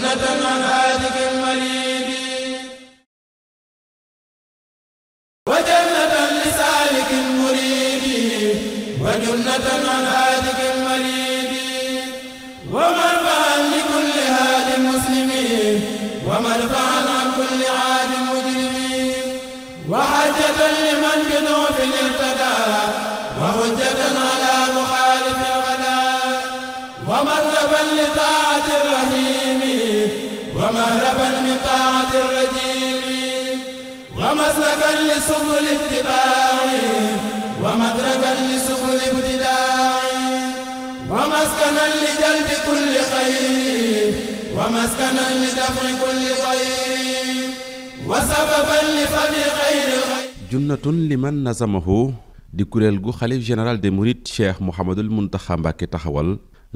سنة عن هادك مريد وجنة لسالك مريد وجنة عن هادك مريد ومرفعا لكل هاد مسلمين ومرفعا عن كل عاد مجرمين وحجة لمن بضعف ارتدى وحجة على مخالف الغداء ومرتبا لطاعة الرحيم مهربا من طاعة الرجيم ومسلكا لسبل اتباع ومدركا لسبل ابتداع ومسكنا لجلب كل خير ومسكنا لدفع كل خير وسببا لفضل خير جنة لمن نظمه di kuréel gu xalif général des mourides cheikh mouhamadul muntaxa mbàkke taxawal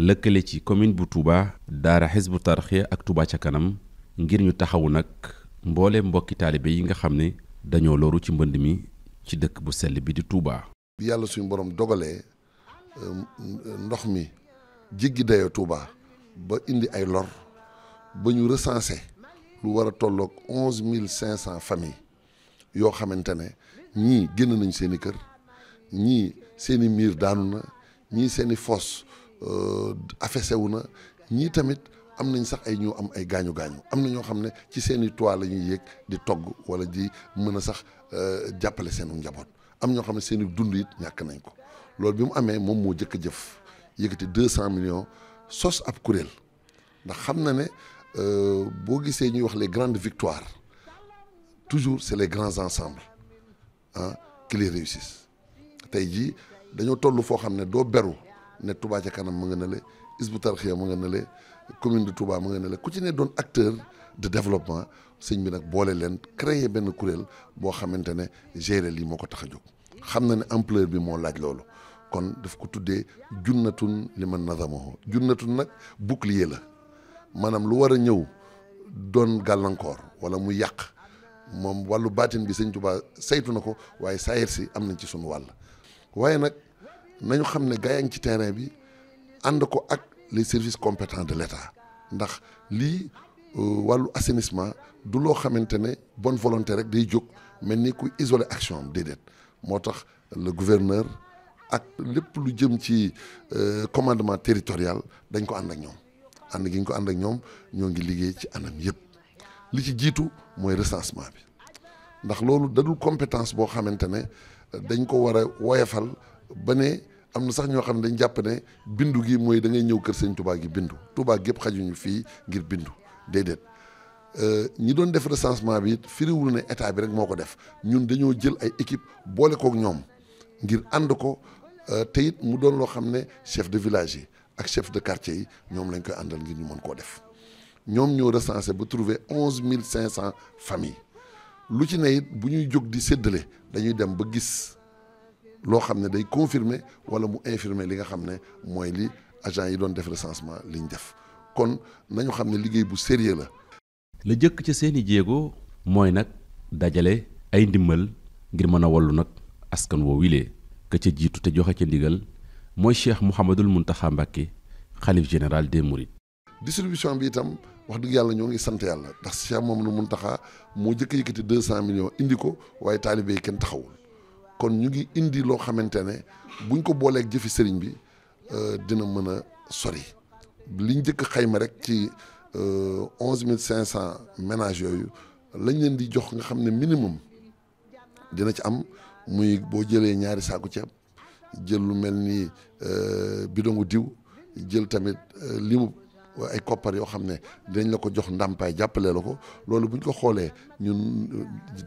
lëkkale ci commune bu Touba daara xisbu tarxiya ak Touba ca kanam ngir ñu taxawu nag mboole mbokki taalibe yi nga xam ne dañoo loru ci mbënd mi ci dëkk bu sell bi di Touba. bi yàlla suñu borom dogalee euh, ndox mi jéggi dayoo Touba ba indi ay lor ba ñu recensé lu war a tolloog onze mille cinq cent familles yoo xamante ne ñii génn nañ seen i kër ñii seeni i miir daanu na ñii seen i fosse euh, affaissé wu na ñii tamit. am nañ sax ay ñu am ay gañu gañu am na ñoo xam ci seen toile lañuy yek di togg wala di mëna sax euh jappalé seenu njaboot am ñoo xam ne seen dund it ñak nañ ko lool bi mu amé mom mo jëk jëf yëkëti 200 millions sos ab kuréel ndax xam na euh bo gisé ñuy wax les grandes victoires toujours c'est les grands ensembles hein qui les réussissent tay ji dañu tollu fo xam do doo beru ne Touba ca kanam mu nga ne Hizbut Tarqiyyah mu nga ne le commune de Touba mu nga ne le ku ci ne doon acteur de developpement sëñ bi nag boole leen créer benn kuréel boo xamante ne gérer lii moo ko tax a jóg xam na ne ampleur bi moo laaj loolu kon dafa ko tuddee junnatu li man nazamahu junnatun nag bouclier la maanaam lu war a ñëw doon gàllankoor wala mu yàq moom wàllu baatin bi sëñ Touba saytu na ko waaye saayir si am nañ ci suñu wàll waaye nag nañu xam ne gaa yaa ngi ci terrain bi and ko ak les services compétents de l'État ndax li euh, walu assainissement du lo xamantene bonne volonté rek day jóg melni kuy isoler action dedet motax le gouverneur ak lepp lu jëm ci euh, commandement territorial dañ ko and ak ñom and gi ko and ak ñom ñoo ngi ci anam yépp li ci jitu moy recensement bi ndax loolu dadul compétence bo xamantene dañ ko wara woyefal ba ne amna sax ñoo xam dañ jàpp ne bindu gi moy da ngay ñew kër seigne Touba gi bindu Touba gépp xajuñu fi ngir bindu euh ñi doon def recensement bi firiwul ne état bi rek moko def ñun dañoo jël ay équipe boole ak ñom ngir and ko euh, mu doon lo chef de village yi ak chef de quartier yi ñoom lañ koy andal ngir ñu mën ko def ñom ñoo recenser ba trouver onze familles lu ci ne it bu ñuy jóg di dañuy dem ba gis lo xamne day confirmer wala mu infirmer li nga xamne moy li agent yi doon def recensement liñ def kon nañu xamne ne liggéey bu sérieux la. le jëk ci seeni jéego mooy nag dajale ay ndimbal ngir mën a wallu nag askan woo wile ka ca jiitu te joxe ca ndigal mooy cheikh Mouhamadul Mountakha Mbacké xalif général des mourid distribution bi itam wax dëgg yàlla ñoo ngi sant yàlla ndax cheikh Mouhamadul Mountakha moo jëkk yëkkati deux cent millions indi ko waaye taalibe yi kenn taxawul. kon ñu ngi indi loo xamante ne buñ ko booleeg jëfi sëriñ bi euh, dina mën a sori liñ njëkk xayma rek ci euh, onze mille cinq cent ménages yooyu lañ leen di jox nga xam ne minimum dina ci am muy boo jëlee ñaari saaku ceeb jël lu mel ni euh, bidongu diw jël tamit limu ay koppar yoo xam ne dinañ la ko jox ndàmpaay jàppale la ko loolu bu ñu ko xoolee ñun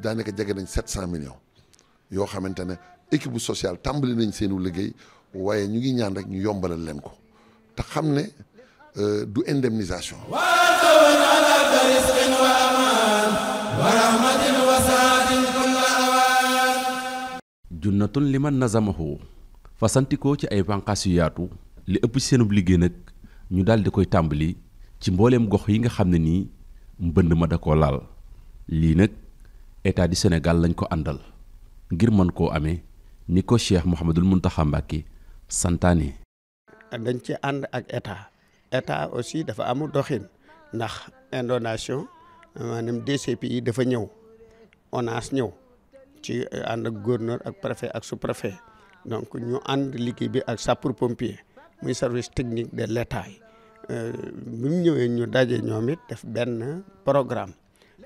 daanaka jege nañ sept cent million yoo xamante ne équipe sociale tàmbali nañ seenu liggéey waaye ñu ngi ñaan rek ñu yombalal leen ko te xam ne euh, du indemnisation junnatun li man nazamahu fasantikoo ci ay bànqaas yu li ëpp ci seenub liggéey nag ñu daal di koy tàmbali ci mbooleem gox yi nga xam ne nii mbënd ma da koo laal lii nag état du Sénégal lañ ko àndal ngir man ko amé ni ko cheikh mouhamadul muntaha mbake santaane dañ ci and ak état état aussi dafa amu doxine ndax indonation maanaam DCPI dafa ñëw ONAS ñew ci and ak gouverneur ak préfet ak sous préfet donc ñu and liki bi ak sapeur pompier muy service technique de l'état euh mu ñu daje ñomit def ben programme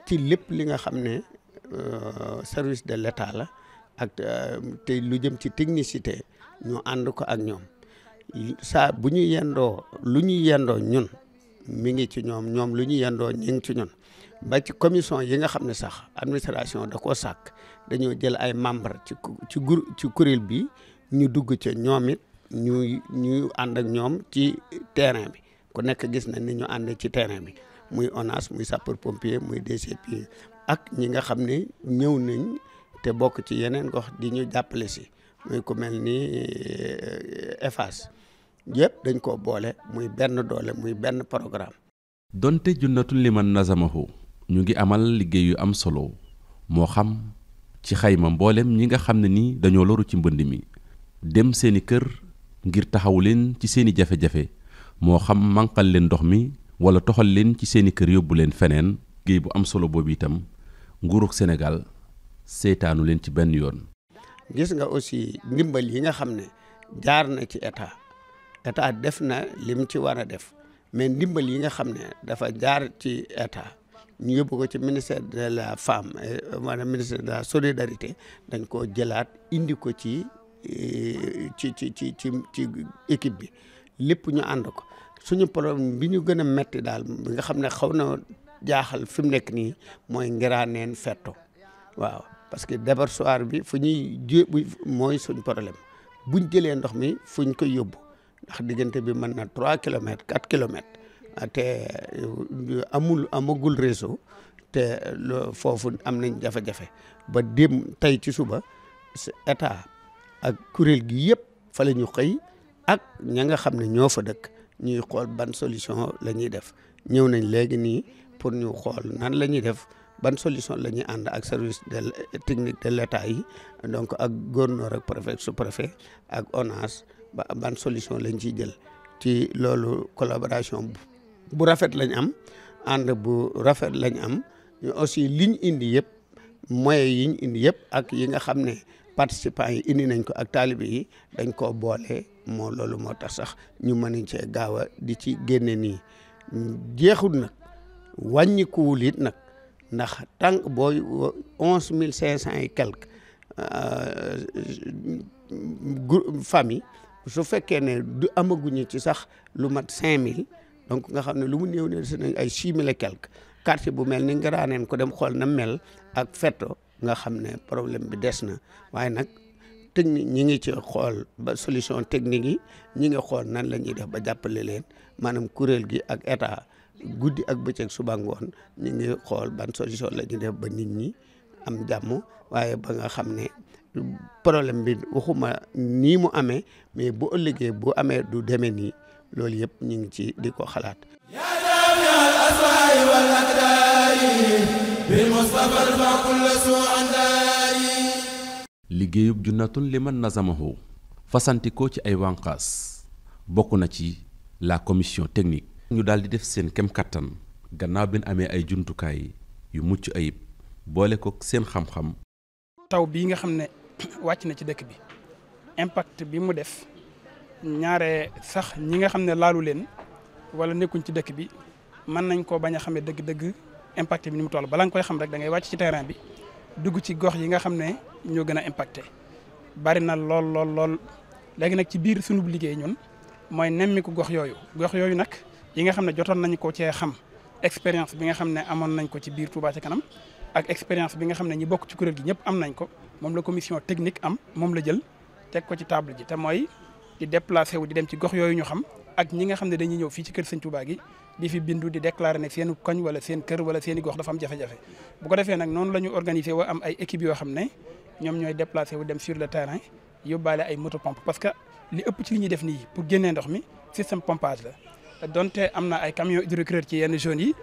ci lepp li nga xamné ne euh, service de l'état la ak euh, te lu jëm ci technicité ñu ànd ko ak ñoom sa bu ñu yendoo lu ñu yendoo ñun mi ngi ci ñoom ñoom lu ñu yendoo ñu ngi ci ñun ba ci commission yi nga xam ne sax administration da koo sàkk dañoo jël ay membre ci ci gur ci kuréel bi ñu dugg ci ñoom it ñu ñu ànd ak ñoom ci terrain bi ku nekk gis na ni ñu ànd ci terrain bi muy ONAS muy sapeur pompier muy DCP ak ñi nga xam ni ñëw nañ te bokk ci yeneen gox di ñu jàppale si muy ku mel ni EFAS eh, yëpp dañ ko boole muy benn doole muy benn programme. donte junnatul liman nazamahu ñu ngi amal liggéey yu am solo moo xam ci xayma mbooleem ñi nga xam ne ni dañoo loru ci mbënd mi dem seeni kër ngir taxaw leen ci seeni jafe-jafe moo xam manqal leen ndox mi wala toxal leen ci seeni kër yóbbu leen feneen liggéey bu am solo boobu itam nguurug Sénégal. seetaanu leen ci benn yoon. gis nga aussi ndimbal yi nga xam ne jaar na ci état état def na lim ci war a def mais ndimbal yi nga xam ne dafa jaar ci état ñu yóbbu ko ci ministère de la femme euh, maanaam ministère de la solidarité dañ koo jëlaat indi ko ci euh, ci ci ci ci ci bi lépp ñu ànd ko suñu polo bi ñu gën a metti daal bi nga xam ne xaw na jaaxal fi mu nekk nii mooy ngiraaneen fetto waaw parce que déversoir bi fu ñuy jé mooy suñ problème buñ jëlee ndox mi fuñ koy yóbbu ndax diggante bi mën na trois kilomètres quatre kilomètres te euh, amul amagul réseau te foofu am nañ jafe-jafe ba dem tey ci suba état ak kuréel gi yëpp fa la ñu xëy ak ña nga xam ne ñoo fa dëkk ñuy xool ban solution la ñuy def ñëw nañ léegi nii pour ñu xool nan la ñuy def ban solution lañu and ak service de technique de l'état yi donc ak gouverneur ak préfet sous préfet ak ONAS ba ban solution lañ ci jël ci lolu collaboration bu rafet lañ am and bu rafet lañ am ñu aussi liñ indi yëpp moyens yiñ indi yépp ak yi nga xamné ne participants yi indi nañ ko ak talib yi dañ ko bolé mo lolu mo tax sax ñu mëni ci gawa di ci génne nii nak. nag wàññikuwul it nak ndax tànk booy onze mille cinq cent et quelque euh, famille su fekkee ne du amaguñu ci sax lu mat cinq mille donc nga xam ne lu mu néew ne si nañ ay six mille et quelque quartier bu mel ni ngaraaneen ko dem xool na mel ak fetto nga xam ne problème bi des na waaye nag technique ñi ngi ci xool ba solution technique yi ñi ngi xool nan la ñuy def ba jàppale leen maanaam kuréel gi ak état guddi ak bëccëg suba ngoon ñu ngi xool ban solution la ñu def ba nit ñi am jàmm waaye ba nga xam ne problème bi waxuma nii mu amee mais bu liggéey bu amee du demee nii loolu yëpp ñu ngi ci di ko xalaat. liggéeyub junnatun liman nazamahu fasantikoo ci ay wànqaas bokk na ci la commission technique. ñu daal di def seen kem kàttan gannaaw bi ñu amee ay jumtukaay yu mucc ayib boole ko seen xamxam xam taw bii nga xam ne wàcc na ci dëkk bi impact bi mu def ñaare sax ñi nga xam ne laalu leen wala nekkuñ ci dëkk bi mën nañu ko bañ a xamee dëgg-dëgg impact bi ni mu toll bala nga koy xam rek da ngay wàcc ci terrain bi dugg ci gox yi nga xam ne ñoo gën a impacté bari na lool lool lool léegi nag ci biir sunu liggéey ñoon mooy nemmiku gox yooyu gox yooyu nag. yi nga xam ne jotoon nañ ko cee xam expérience bi nga xam ne amoon nañ ko ci biir Touba ca kanam ak experience bi nga xam ne ñi bokk ci kuréel gi ñëpp am nañ ko moom la commission technique am moom la jël teg ko ci table ji te mooy di déplacé wu di dem ci gox yooyu ñu xam ak ñi nga xam ne dañuy ñëw fii ci kër sëñ Touba gi di fi bindu di déclaré ne seen koñ wala seen kër wala seen i gox dafa am jafe-jafe bu ko defee nag noonu la ñu organisé am ay équipe yoo xam ne ñoom ñooy déplacé wu dem sur le terrain yóbbaale ay moto pompe parce que li ëpp ci li ñuy def nii pour génnee ndox mi système pompage la donte amna ay camion hydrocureur ci yenn zones yi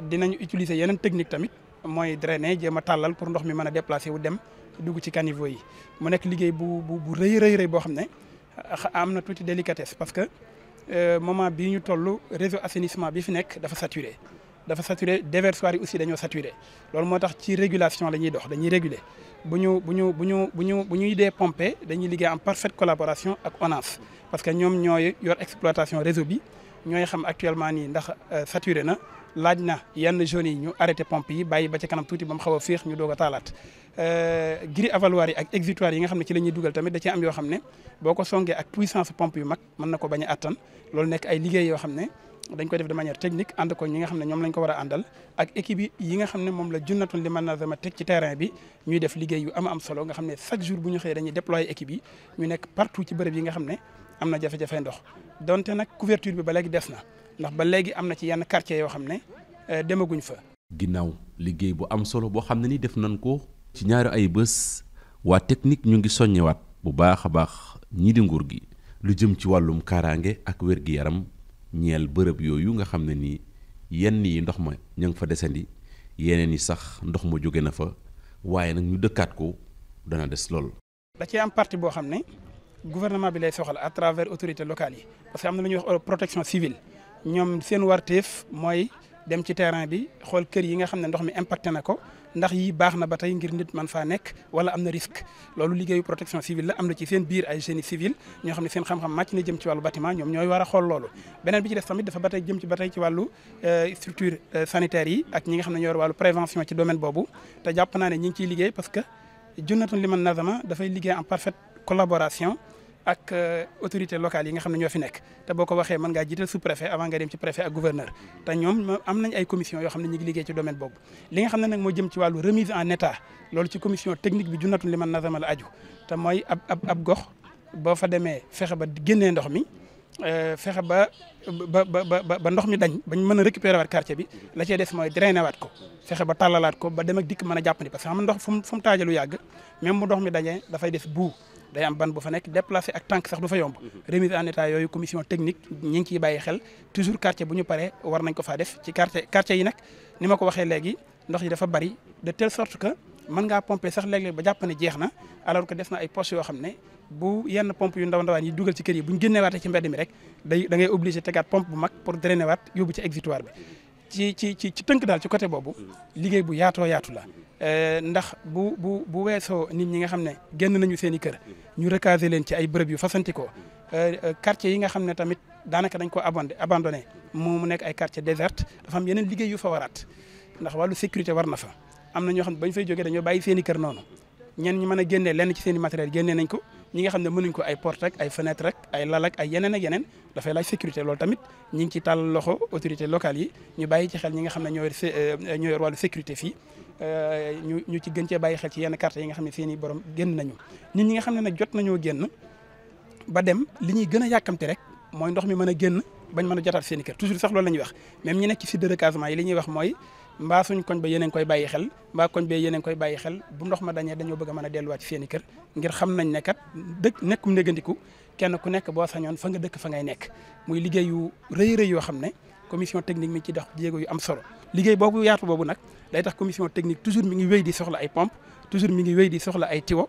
dinañu utiliser yenen technique tamit moy drainer jéem talal pour ndox mi meuna déplacer wu dem dugg ci caniveau yi mu nek liguey bu bu reuy reuy reuy bo xamné amna ne délicatesse parce que euh moment bi ñu tollu réseau assainissement bi fi nek dafa saturé dafa saturé déversoir yi aussi dañu saturé loolu motax ci régulation lañuy dox dañuy réguler buñu buñu buñu buñu buñuy dé pomper dañuy liguey en parfaite collaboration ak ONAS parce que ñom ñoy yor exploitation réseau bi ñooy xam actuellement nii ndax euh, saturé na laaj na yenn zones yi ñu arrêté pompe yi bàyyi ba ca kanam tuuti ba mu xaw a féex ñu doog a taalaat euh, gris avaloir yi ak exutoire yi nga xam ne ci la ñuy dugal tamit da am yoo xam ne boo ko songee ak puissance pompe yu mag mën na ko bañ a loolu nekk ay liggéey yoo xam ne dañ ko def de manière technique ànd ko ñi nga xam ne ñoom a àndal ak équipe yi nga xam ne moom la junnatun li man nazama teg ci terrain bi ñuy def liggéey yu am am solo nga xam ne chaque jour bu ñu xëyee dañuy déployer équipe yi ñu nekk partout ci bërëb yi nga xam ne am na jafe-jafe ndox donte nag couverture bi ba léegi des na ndax ba léegi am na ci yenn quartier yoo xam ne euh, demaguñ fa. ginnaaw liggéey bu am solo boo xam ne nii def nañ ko. ci ñaari ay bés waa technique ñu ngi soññewaat bu baax a baax ñii di nguur gi lu jëm ci wàllum kaaraange ak wér-gi-yaram ñeel bërëb yooyu nga xam ne nii yenn yi ndox ma ña nga fa desandi yeneen yi sax ndox ma jóge na fa waaye nag ñu dëkkaat ko dana des lool. da cee gouvernement bi lay soxal à travers autorités locales yi parce que am na lu ñuy wax protection civile ñom seen warteef moy dem ci terrain bi xol kër yi nga xam ndox mi impacté nako ndax yi baax na ba ngir nit man fa nek wala amna risque lolu liggéeyu protection civile la amna ci seen biir ay génie civile ñoo xam ne seen xam-xam match na jëm ci walu bâtiment ñom ñoy wara xol lolu benen bi ci def tamit dafa batay jëm ci batay tey ci wàllu euh, structure euh, sanitaire yi ak ñi nga xam ne walu prévention ci domaine bobu te japp na ne ñi ngi ciy liggéey parce que junnatun Liman Nazama da fay liggéey en parfaite collaboration ak euh, autorité locale yi nga xam ne ñoo fi nekk te boo ko waxee mën ngaa jiital sous préfet avant nga dem ci préfet ak gouverneur te ñoom am nañ ay commission yoo xam ne ñu ngi liggéey ci domaine boobu li nga xam ne nag moo jëm loolu ci commission technique bi junnatun li man nazama la te mooy ab ab ab gox boo fa demee fexe ba génnee ndox mi euh, fexe ba ba ba ba ndox mi dañ bañ mën a récupérer waat quartier bi la cee des mooy drainer waat ko fexe ba tàllalaat ko ba dem ak dikk mën a jàpp parce que xam ndox fu mu fu mu taajalu yàgg même bu ndox mi dañee dafay des buu day am ban bu fa nek déplacer ak tank sax du fa yomb mhm. remise en état yoyu commission technique ñi ngi ciy bàyyi xel toujours quartier buñu paré war nañ ko fa def ci quartier quartier yi nak nima ko waxé légui ndox yi dafa bari de telle sorte que man nga pomper sax légui ba jàpp ne jeexna alors que def na ay poste yo xamné bu yenn pompe yu ndaw ndawaan yi dugal ci kër yi buñu génné waté ci mbéd mi rek day da ngay obligé tegaat pompe bu mag pour drainer wat yobu ci exutoire bi ci ci ci tënk daal ci côté boobu liggéey bu yaatoo yaatu la eh, ndax bu bu bu weesoo nit ñi nga xam ne génn nañu seen i kër ñu recaser leen ci ay bërëb yu fasantikoo eh, quartier yi nga xam ne tamit daanaka dañ ko abondé abandonné mu nekk ay quartier déserte dafa am yeneen liggéey yu fa waraat ndax wàllu sécurité war na fa am na ñoo xam ne bañ fay jógee dañoo bàyyi seen kër noonu ñenn ñi mën a génnee lenn ci seeni i matériel génnee nañ ko ñi nga xam ne mënuñ ko ay porte rek ay fenêtre rek ay lal ay yeneen ak yeneen dafay laaj sécurité loolu tamit ñi ngi ci tàll loxo autorité locale yi ñu bàyyi ci xel ñi nga xam ne ñoo yor euh, ñoo yor wàllu sécurité fii euh, ñu ñu ci gën cee bàyyi xel ci yenn carte yi nga xam ne seeni borom génn nañu nit ñi nga xam ne na jot nañoo génn ba dem li ñuy gën a yàkkamte rek mooy ndox mi mën a génn bañ mën a jotaat seen i kër toujours sax loolu la wax même ñi nekk ci de recasement yi li ñuy wax mooy mbaa suñ koñ ba yeneen koy bàyyi xel mbaa koñ ba yeneen koy bàyyi xel bu ndox ma dañee dañoo bëgg a mën a delluwaat ci seen i kër ngir xam nañ ne kat dëkk nekkum négandiku kenn ku nekk boo sañoon fa nga dëkk fa ngay nekk muy liggéey yu rëy yoo xam ne commission technique mi ci dox jéego yu am solo liggéey boobu yaatu boobu nag day tax commission technique toujours mi ngi wéy di soxla ay pompe toujours mi ngi wey di soxla ay tiwo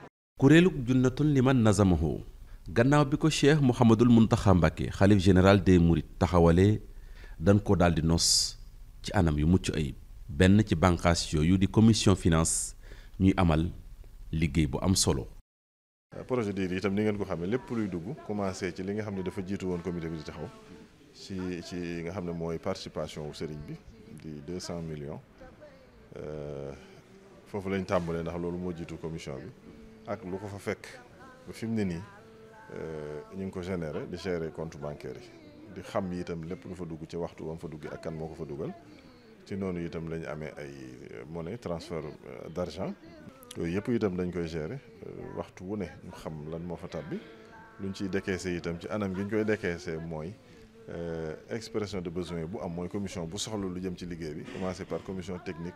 kuréelug junnatun liman nazamahu gannaaw bi ko cheikh mouhamadul muntaxa mbàkke xalif général des mourides taxawalee dañ ko daal di nos ci anam yu mucc ay benn ci bànqaas yooyu di commission finance ñuy amal liggéey bu am solo projet DIR tam ni ngeen ko xamee lépp luy dugg commencé ci li nga xam ne dafa jiitu woon comité bi di taxaw ci ci nga xam ne mooy participation wu sëriñ bi di deux cent millions euh, foofu lañu tàmbalee ndax loolu moo jiitu commission bi ak lu ko fa fekk ba fi mu ne nii euh, ñu ngi ko généré di gérer compte bancaire yi di xam itam lépp lu fa dugg ci waxtu ba mu fa dugg ak kan moo ko fa dugal ci noonu itam la ñu amee ay euh, monnaie transfert euh, d' argent yooyu yëpp itam dañ koy gérer waxtu wu ne ñu xam lan moo fa tàbbi luñ ciy décaissé itam ci anam gi ñu koy décaissé mooy expression de besoin bu am mooy commission bu soxla lu jëm ci liggéey bi commencé par commission technique.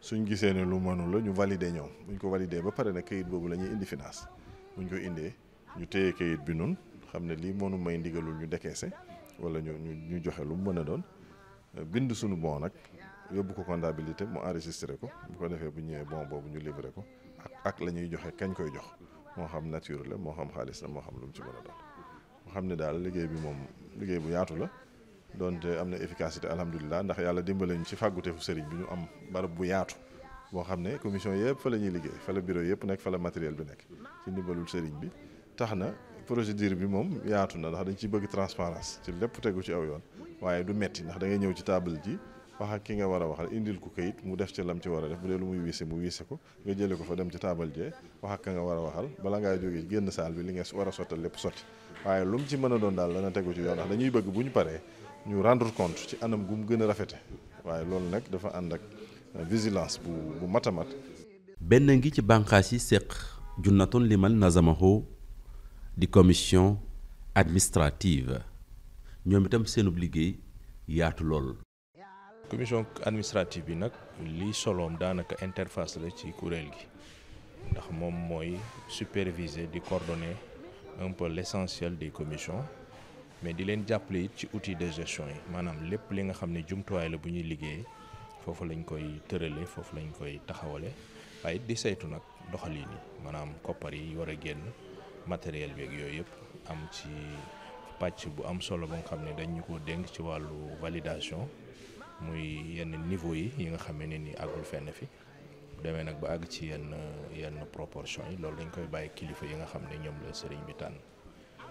suñ gisee ne lu mënu la ñu valider ñoom buñ ko valider ba pare nag kayit boobu la ñuy indi finance buñ ko indee ñu téye kayit bi nun xam ne lii mënu may ndigalul ñu dekee se wala ñu ñu joxe lu mu mën a doon bind suñu bon nag yóbbu ko comptabilité mu enregistré ko bu ko defee bu ñëwee bon boobu ñu livré ko ak ak la ñuy joxe kañ koy jox moo xam nature la moo xam xaalis la moo xam lu moo xam ne daal liggéey bi moom liggéey bu yaatu la donte euh, am na efficacité alhamdulilah ndax yàlla dimbalañ ci fàgguteefu sëriñ bi ñu am barab bu yaatu boo xam ne commission yëpp fa la ñuy liggéey fa la bureau yëpp nekk fa la matériel bi nekk ci ndimbalul sëriñ bi tax na procédure bi moom yaatu na ndax dañ ciy bëgg transparence ci tegu ci aw yoon waaye du metti ndax da ngay ñëw ci table ji wax ak ki nga war a waxal indil ko kayit mu def ci lam ci war a def bu dee lu muy wiise mu wiise ko nga jële ko fa dem ci taabal jee wax ak ka nga war a waxal bala ngaa jógee génn saal bi li nga a sottal lépp sotti waaye lu mu ci mën a doon daal dana tegu ci yoon ndax dañuy bëgg bu ñu ñu rendre compte ci anam gu mu gën a rafete waaye loolu nag dafa ànd ak vigilance bu bu mat a mat benn ngi ci bànqaas yi séq junnatun liman nazamaho di commission administrative ñoom itam seenub liggéey yaatu lool commission administrative bi nag li soloom daanaka interface la ci kuréel gi ndax moom mooy superviser di coordonner un peu l'essentiel des commissions mais di leen jàppale it ci outil de gestion yi maanaam lépp li nga xam ne jumtuwaay la bu ñuy liggéeyee foofu lañ koy tërale foofu lañ koy taxawale waaye di saytu nag doxaliin yi maanaam koppar yi war a génn matériel beeg yooyu yëpp am ci pàcc bu am solo ba nga xam ne dañ ko dénk ci wàllu validation muy yenn niveau yi yi nga xam ne ni àggul fenn fi demee nag ba àgg ci yenn yenn proportion yi loolu dañ koy bàyyi kilifa yi nga xam ne ñoom la sëriñ bi tànn.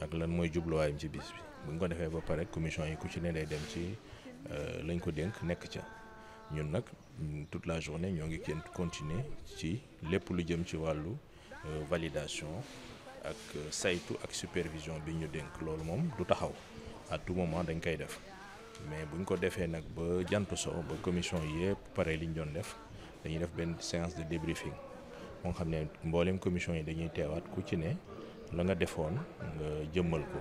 ak lan mooy jubluwaayam ci bis bi bu ko defee ba pare commission yi ku ci ne day dem ci euh, lañ ko dénk nekk ca ñun nag mm, toute la journée ñoo ngi kenn continuer ci lépp lu jëm ci wàllu euh, validation ak euh, saytu ak supervision bi ñu dénk loolu moom du taxaw à tout moment dañ koy def mais buñ ko defee nag ba jant so ba commission yëpp pare li ñu doon def dañuy def benn séance de débriefing moo xam ne mboolem commission yi dañuy teewaat ku ci ne la nga defoon nga jëmmal ko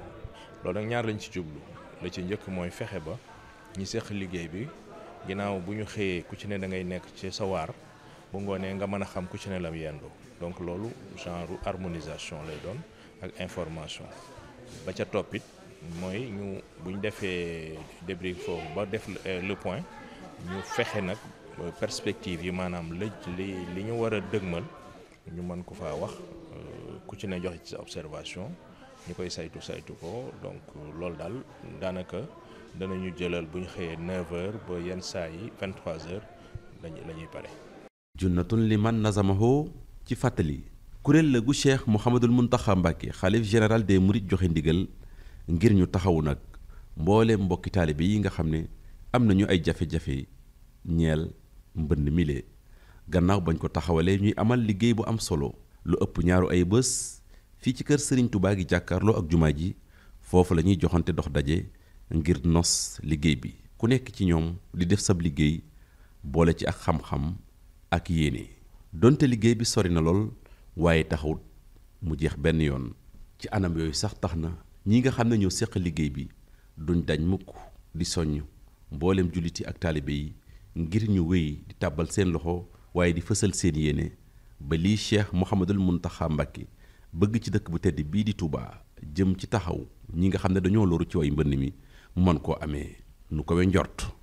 loolu nag ñaar lañ ci jublu la ci njëkk mooy fexe ba ñi seq liggéey bi ginnaaw bu ñu xëyee ku ci ne da ngay nekk ci sa waar bu ngoonee nga mën a xam ku ci ne lam yendoo donc loolu genre harmonisation lay doon ak information ba ca toppit mooy ñu bu ñu defee débrief foofu ba def euh, le point ñu fexe nag euh, perspective yi maanaam li li ñu war a dëgmal ñu mën ko faa wax ku ci ne joxe ci sa observation ñu koy saytu saytu ko donc loolu daal daanaka danañu jëlal bu ñu 9h ba yenn saa 23h lañuy la ñuy pare. junnatun liman nazamaho ci fàttali kurel la gu cheikh Mouhamadul Mountakha Mbacké xalif général des mourides joxe ndigal ngir ñu taxaw nak mbolé mbokki taalibe yi nga xamné ne am nañu ay jafé jafé ñeel mbënd milé gannaaw bañ ko taxawalé ñuy amal liggéey bu am solo. lu ëpp ñaaru ay bés fii ci kër Serigne Touba gi jàkkaarloo ak jumaa ji foofu la ñuy joxante dox daje ngir nos liggéey bi ku nekk ci ñoom di def sab liggéey boole ci ak xam-xam ak yéene donte liggéey bi sori na lool waaye taxawut mu jeex benn yoon ci anam yooyu sax tax na ñi nga xam ne ñoo seq liggéey bi duñ dañ mukk di soññ mboolem julliti ak taalibe yi ngir ñu wéy di tàbbal seen loxo waaye di fësal seen yéene ba lii cheikh Mouhamadul Mountakha Mbacké bëgg ci dëkk bu tedd bii di Touba jëm ci taxaw ñi nga xam ne dañoo loru ci way mbënn mi mën koo amee nu ko kowe njort